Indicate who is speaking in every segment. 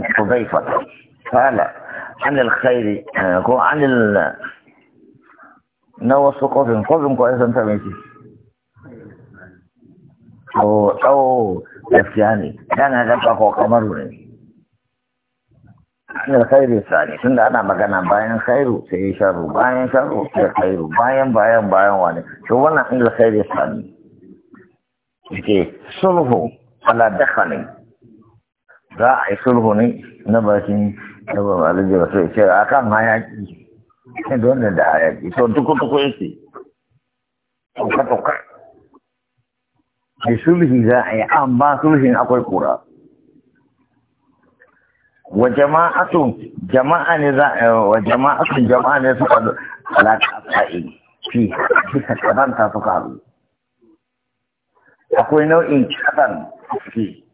Speaker 1: حذيفة قال عن الخير عن ال نوى قفن قفن كويس انت ميتي او او يفتياني كان هذا فقو قمر عن الخير الثاني تند انا مكانا باين خير سي شر باين شر سي خير باين باين باين واني شو وانا عن الخير الثاني يكي صلحه على دخني za a yi sulhu ne na bakin da ba ba da wasu ce a kan hayaki don da hayaki to duku duku ce tuka tuka ai sulhi za a yi amma sulhin akwai kura wa jama'atun jama'a ne za a eh, wa jama'atun jama'a ne suka alaƙa sa'i fi bisa karanta suka haru akwai nau'in kadan fi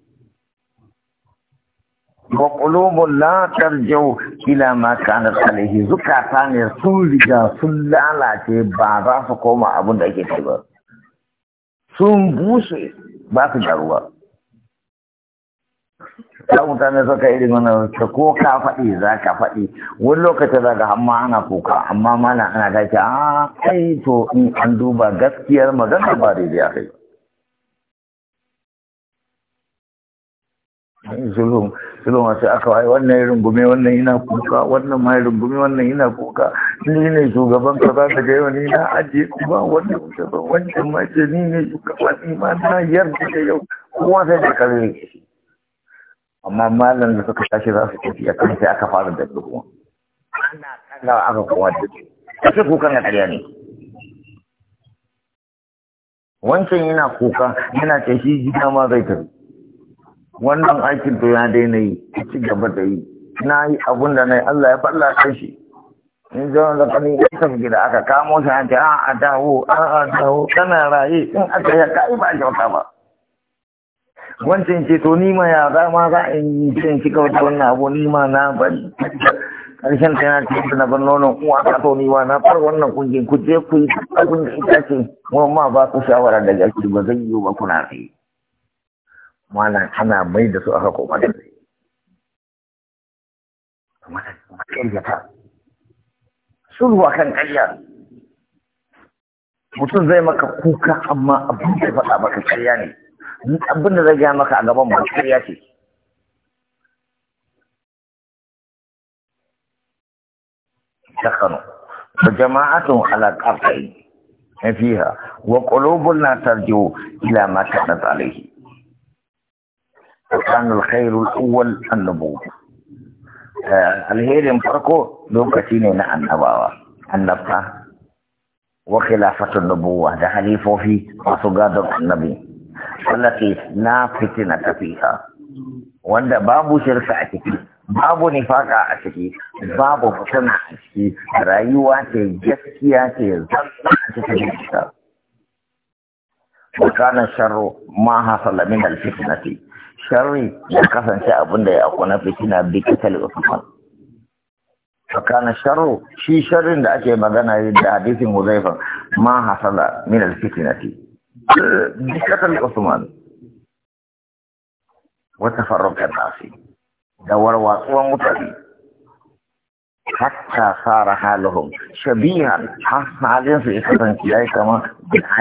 Speaker 1: wa qulubun la tarji'u ila ma kanat alayhi zukata ne sun riga sun lalace ba za su koma abin da ake ba sun bushe ba su da ruwa ta mutane ka irin mana ta ko ka faɗi za ka faɗi wani lokacin daga amma ana kuka amma mana ana gaci a kai to in an duba gaskiyar magana ba daidai a kai zulum zulum sai aka wai wannan ya gume wannan yana kuka wannan ma ya gume wannan yana kuka ni ne shugaban ka za ka ga yau ni na ajiye kuma wannan shugaban wancan ma ce ni ne shugaban iman na yarda da yau kowa sai da kare amma malam da suka tashi za su tafi a kan sai aka fara da wani ana kalla aka kowa da shi sai kukan na ƙarya ne wancan yana kuka yana ce shi jina ma zai tafi wannan aikin to ya daina yi ci gaba da yi na yi abun da na yi Allah ya falla kan shi in zama da kani ya tafi gida aka kamo shi an a ah, a dawo a ah, a dawo kana raye in aka ya kai ba kyauta ba wancan ce to ni ma ya za ma za in yi cin ci kawai wannan abu ni na ban karshen ta yana cikin na ban nonon uwa ka to ni ma na far wannan kungin ku je ku yi ta, da ita ce mu ma ba ku shawara daga ki ba zai yi ba kuna raye malam ana mai da su aka koma da su makaryata a kan karya mutum zai maka kuka amma abin da faɗa maka karya ne abin da zai gaya maka a gaban ba karya ce sakano fa jama'atun ala qafai fiha wa qulubun la tarji'u ila mata na alayhi وكان الخير الأول النبوة alherin farko lokaci ne na annabawa annabta wa khilafatun nubuwa da halifofi masu gadon annabi allati na fitina fiha wanda babu shirka a ciki babu nifaka a ciki babu fitina a ciki rayuwa ce gaskiya ce zan a cikin وكان شر ما حصل من الفتنة شر يكفن سأبن دي أقونا فتنة بكتل عثمان فكان شر شي شر دا أكي مغانا دا حديث مضيفا ما حصل من الفتنة بكتل عثمان وتفرق الناس دور واقوى متبي حتى صار حالهم شبيها حصل عليهم في إخوان كما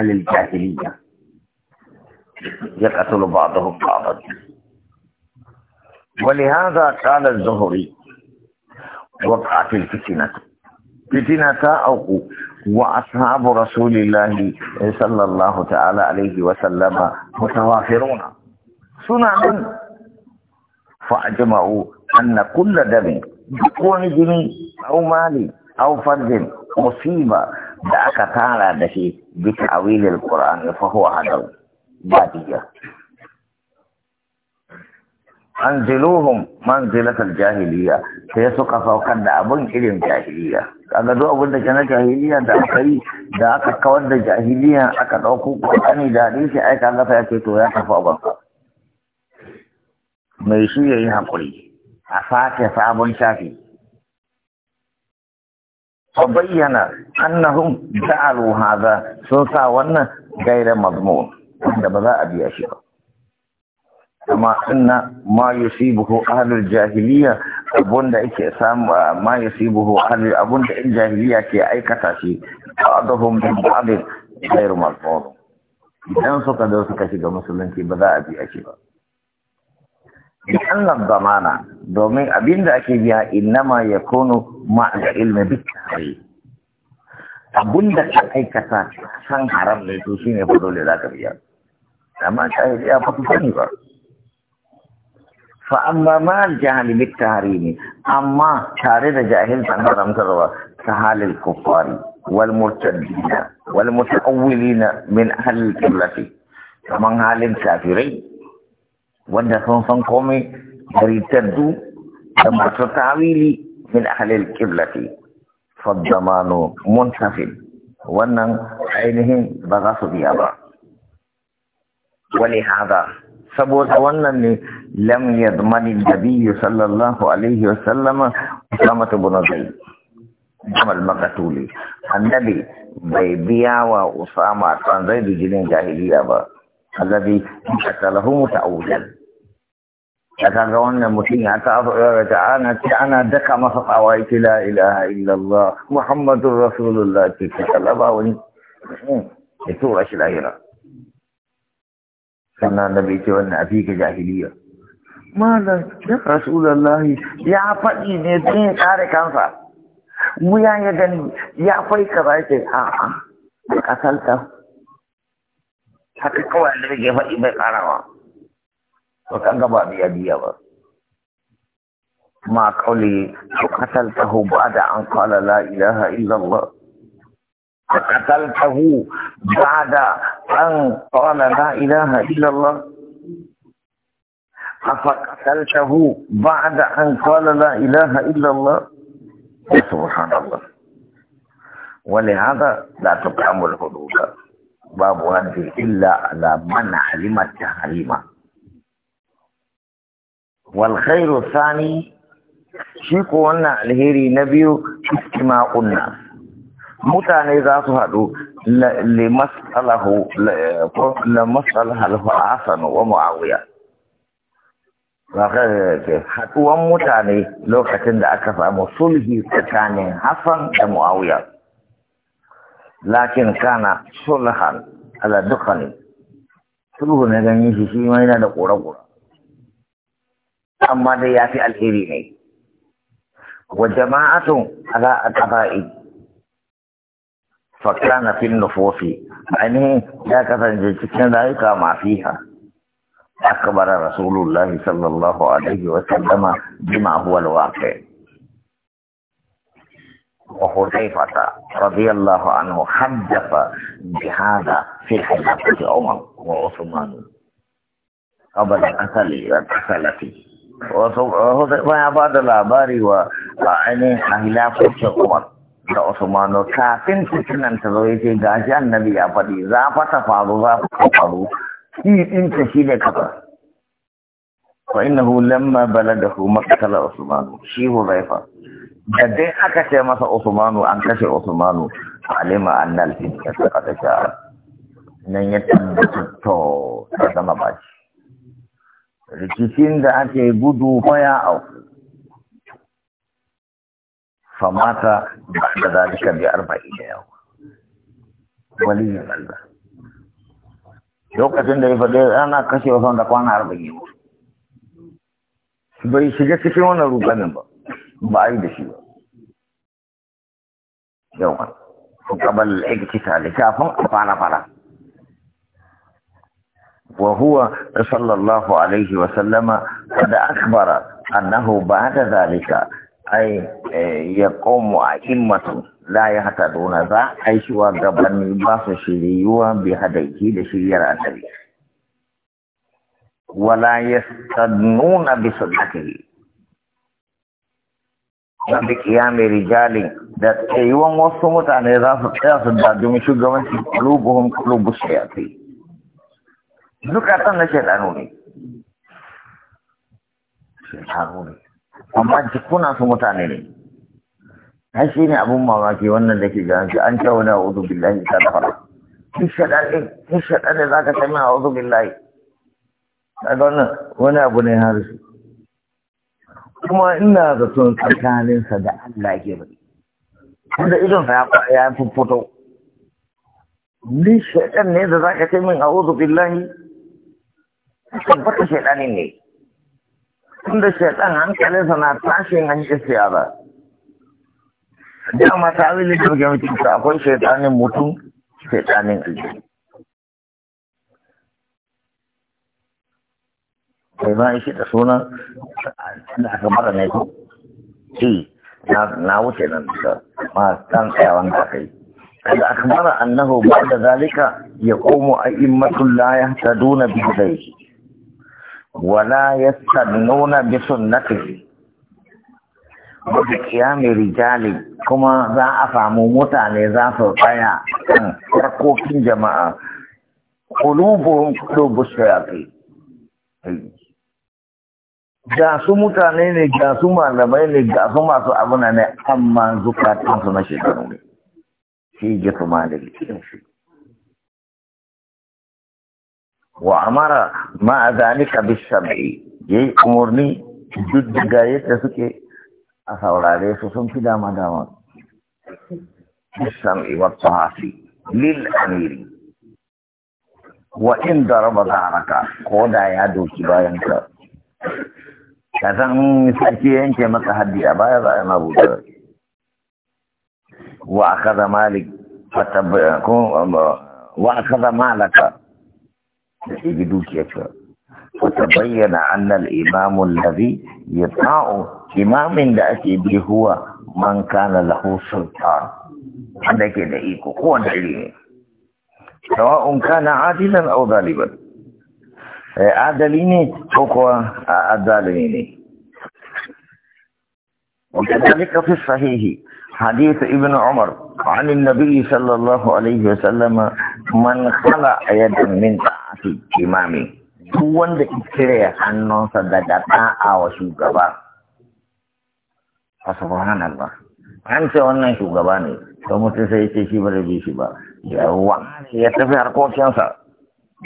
Speaker 1: من الجاهلية يقتل بعضهم بعضا ولهذا قال الزهري وقعت الفتنة فتنة أو وأصحاب رسول الله صلى الله تعالى عليه وسلم متوافرون سنة فأجمعوا أن كل دم كون جني أو مالي أو فرد مصيبة دعك تعالى به بتعويل القرآن فهو هذا badiya anziluhum manzilatal jahiliya sai suka saukar da abun irin jahiliya kaga duk abin da kana jahiliya da aka yi da aka kawar da jahiliya aka dauko kokani da hadisi ai kaga fa yace to ya tafi abun mai shi yayi hakuri a sake sabon shafi fa bayyana annahum ja'alu hadha sun sa wannan gaira mazmun wanda ba za a biya shi ba kama inna ma yusibuhu ahlul jahiliya abunda yake samu ma yusibuhu ahlul abunda in jahiliya ke aikata shi ba'dhum min ba'd ghayr marfud idan suka da suka shiga musulunci ba za a biya shi ba li'anna zamana domin abinda ake biya innama yakunu ma'a ilmi bittari abunda ka aikata san haram ne to shine ba dole za ka biya amma shahid ya fito sani ba fa amma ma jahili bit tahrimi amma tare da jahil san haramtarwa ta halil kuffari wal murtadina wal mutaawwilina min ahli qiblati kaman halin kafirai wanda sun san komai garitaddu da masu tawili min ahli qiblati fa damanu muntafin wannan ainihin ba za su biya ba ولهذا سبوز ون لم يضمن النبي صلى الله عليه وسلم اسلامة بن زيد جمال مقتولي النبي بيبيا واسامة عن زيد جنين جاهلية الذي حتى متعودا لكن لو ان المسلمين يا رجعان انا دكا ما فقاويت لا اله الا الله محمد رسول الله تكلم وانت تورش الاهرام sannan da bai ce wannan a fi ka jahiliya malam ya rasulallahi ya faɗi ne don ya kare kansa wuya ya ya gani ya fai ka ba ce a a haka kawai da rage faɗi bai karawa to kan gaba biya biya ba ma kauli ka hu ba da an kala la ilaha illallah فقتلته بعد أن قال لا إله إلا الله أفقتلته بعد أن قال لا إله إلا الله إيه، سبحان الله ولهذا لا تقام الحدود باب هذه إلا على من علم التحريم والخير الثاني شيكو أن الهيري نبي اجتماع الناس mutane za su haɗu masalahu asanu wa mu'awiya haɗuwan mutane lokacin da aka samu sulhi tsakanin hassan da mu'awiya lakin kana sulhan ala dukkani sulhu na ganin shi shi ma yana da ƙura-ƙura amma dai ya fi alheri ne wa jama'atun ala adaba'i فكان في النفوس يعني لا كفن جيكتنا لا ما فيها أكبر رسول الله صلى الله عليه وسلم بما هو الواقع وحذيفة رضي الله عنه حدث بهذا في حلقة عمر وعثمان قبل قتل قتلته وحذيفة بعد العبار وعنه أهلاك عمر da Usmanu kafin fitinan ta zo yake ga shi annabi ya faɗi za fa ta faru za fa ta faru shi din ta shi ne kaza fa innahu lamma baladahu maqtal Osmanu shi Huzaifa da dai aka ce masa osmanu an kashe Usmanu alima annal fitna ta sha nan ya tabbata to ta zama shi rikicin da ake gudu fa ya auku فمات بعد ذلك بأربعين يوم ولي قلبه لوكس عند الفدير أنا كشي وصلنا كوانا أربعين يوم بي سجد كشيوانا روبانا باي بشيو يوم قبل الاقتتال كافن أفانا فلا وهو صلى الله عليه وسلم قد أخبر أنه بعد ذلك ai eh, ya komo a himmatu la ya hata dona za a yi shiwa gabani ba su shiriyuwa bi hadaiki da shiryar annabi wala ya sadnuna bi sadaqi na bi kiyami rijali da tsayuwan wasu mutane za su tsaya su dajumi shugabanci kulubuhum kulubu duka zukatan na shaidanu ne shaidanu ne amma jikunan su mutane ne har shi ne abun mamaki wannan da ke ga shi an ce wani a billahi ta da fara kin shaɗa ne za ka sami a uzu billahi kaga wannan wani abu ne har shi kuma ina zaton tsakaninsa da Allah ke bari wanda sa ya fito ni shaɗan ne da za ka ce min a uzu billahi tabbata shaɗanin ne tunda shaitan hankalinsa na tashin an yi ba. dama mata wili da ke ta akwai shaitanin mutum shaitanin aljihu kai ma shi da suna da aka mara ne ko shi na wuce nan da ma kan tsayawan da kai kada aka mara annahu ba da zalika ya komo a ta duna biyu da yake. ولا يستدنون بسنته وبقيام رجال كما ذا أفهموا متعني ذا سلطايا ركوكين جماعة قلوبهم قلوب الشياطين ga su mutane ne ga su malamai ne ga su masu abuna ne amma zukatansu na shekaru ne shi ji su da wa amara ma a zalika ya yi umarni duk daga yadda suke a saurare su sun fi dama dama bisabi wa tahasi lil amiri wa in daraba zaraka ko da ya doki bayan ka ka san sarki yanke maka haddi a baya za a yana buɗe wa akaza malik malaka يجدو دوكيك فتبين أن الإمام الذي يطاع إمام لأتي به هو من كان له سلطان هذا كده إيكو قوة علمي سواء كان عادلا أو ظالما عادليني هو عادليني وكذلك في الصحيح حديث ابن عمر عن النبي صلى الله عليه وسلم من خلع يدا من ta'ati imami duk wanda ki cire hannunsa daga da'a wa shugaba a sabon an ce wannan shugaba ne to mutum sai ya ce shi ba da shi ba ruwa. ya tafi harkokinsa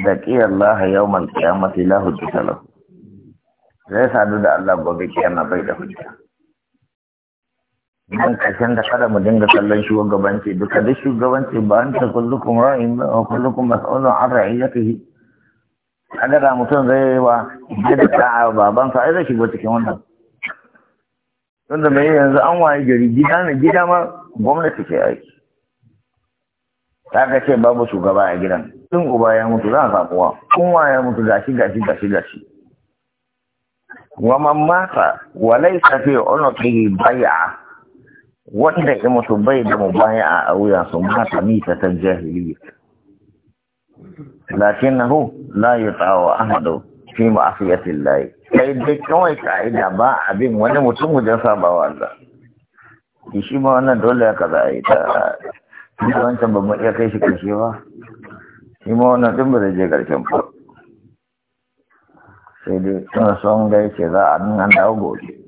Speaker 1: da laha yau mal kiyamati la hujjata lahu zai sadu da Allah gobe kiyama bai da hujja nan ƙarshen da kada mu dinga kallon shugabanci duka duk shugabanci ba an ta kullukum ra'in ba wa kullukum mas'ulun an ra'iyatihi kaga da mutum zai yi wa da baban sa ai zai shigo cikin wannan tunda mai yanzu an waye gari gida na gida ma gwamnati ke aiki ta ka ce babu shugaba a gidan tun uba ya mutu za a tun wa kun ya mutu gashi gashi gashi gashi wa man mata wa laysa fi unqihi bai'a wanda ya mutu bai da mubaya'a a wuya su mata mita ta jahiliya لكنه لا يطاع أحد في معصية الله kai dai kawai ka'ida ba abin wani mutum wajen sabawa Allah shi ma wannan dole ya kaza yi ta shi wancan babban iya kai shi karshe ba shi ma wannan din ba zai je karshen ba sai dai sun son da ce za a nan an dawo gobe